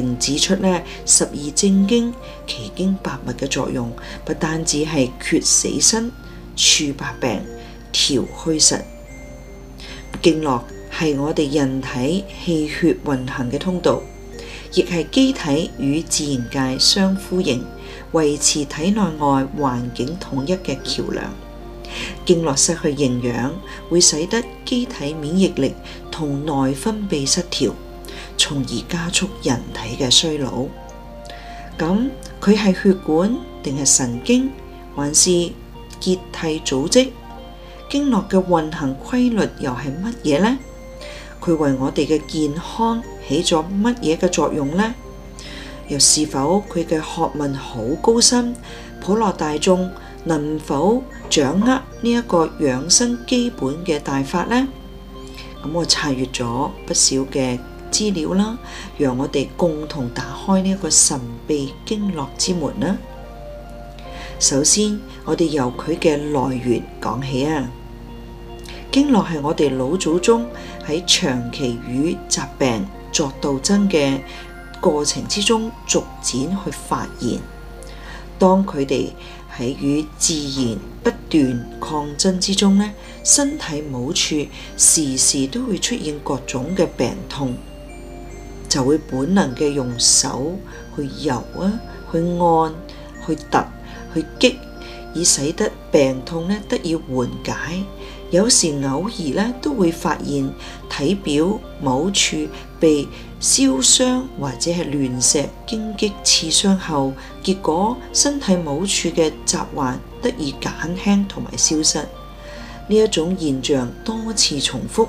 並指出咧，十二正經、奇經八脈嘅作用，不單止係決死生、處百病、調虛實。經絡係我哋人體氣血運行嘅通道，亦係機體與自然界相呼應、維持體內外環境統一嘅橋樑。經絡失去營養，會使得機體免疫力同內分泌失調。從而加速人體嘅衰老。咁佢係血管定係神經，還是結締組織？經絡嘅運行規律又係乜嘢呢？佢為我哋嘅健康起咗乜嘢嘅作用呢？又是否佢嘅學問好高深？普羅大眾能否掌握呢一個養生基本嘅大法呢？咁我查閱咗不少嘅資料啦，讓我哋共同打開呢一個神秘經絡之門啦。首先，我哋由佢嘅來源講起啊。經絡係我哋老祖宗喺長期與疾病作鬥爭嘅過程之中，逐漸去發現。當佢哋喺與自然不斷抗爭之中咧，身體冇處時時都會出現各種嘅病痛。就會本能嘅用手去揉啊，去按、去突、去擊，以使得病痛咧得以緩解。有時偶爾咧都會發現體表某處被燒傷或者係亂石荊棘刺傷後，結果身體某處嘅疾患得以減輕同埋消失。呢一種現象多次重複。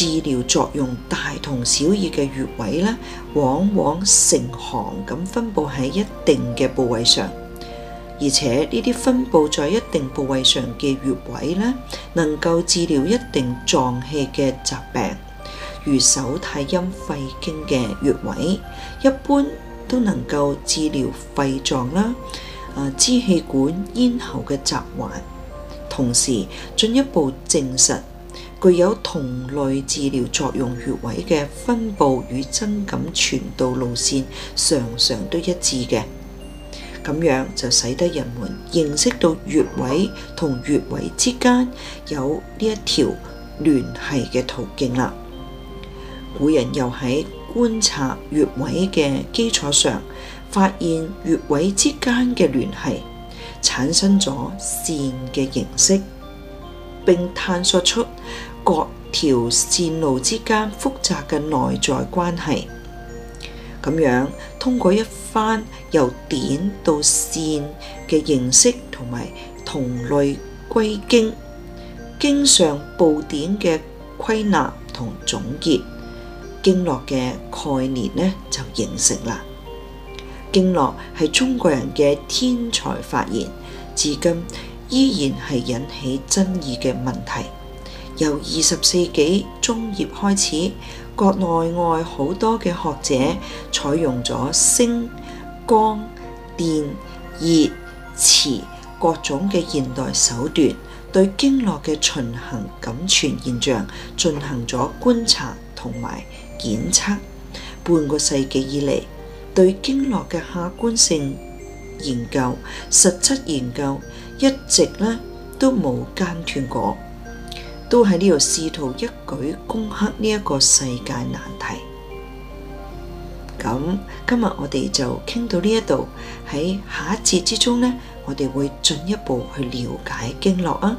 治療作用大同小異嘅穴位咧，往往成行咁分佈喺一定嘅部位上，而且呢啲分佈在一定部位上嘅穴位咧，能夠治療一定臟器嘅疾病，如手太陰肺經嘅穴位，一般都能夠治療肺臟啦，誒支氣管咽喉嘅疾患，同時進一步證實。具有同類治療作用穴位嘅分布與針感傳導路線常常都一致嘅，咁樣就使得人們認識到穴位同穴位之間有呢一條聯繫嘅途徑啦。古人又喺觀察穴位嘅基礎上，發現穴位之間嘅聯繫，產生咗線嘅形式，並探索出。各條線路之間複雜嘅內在關係，咁樣通過一番由點到線嘅認識，同埋同類歸經，經上布點嘅歸納同總結，經絡嘅概念呢就形成啦。經絡係中國人嘅天才發現，至今依然係引起爭議嘅問題。由二十世紀中葉開始，國內外好多嘅學者採用咗聲、光、電、熱、磁各種嘅現代手段，對經絡嘅循行感傳現象進行咗觀察同埋檢測。半個世紀以嚟，對經絡嘅客觀性研究、實質研究一直呢都冇間斷過。都喺呢度試圖一舉攻克呢一個世界難題。咁今日我哋就傾到呢一度，喺下一節之中呢，我哋會進一步去了解經絡啊。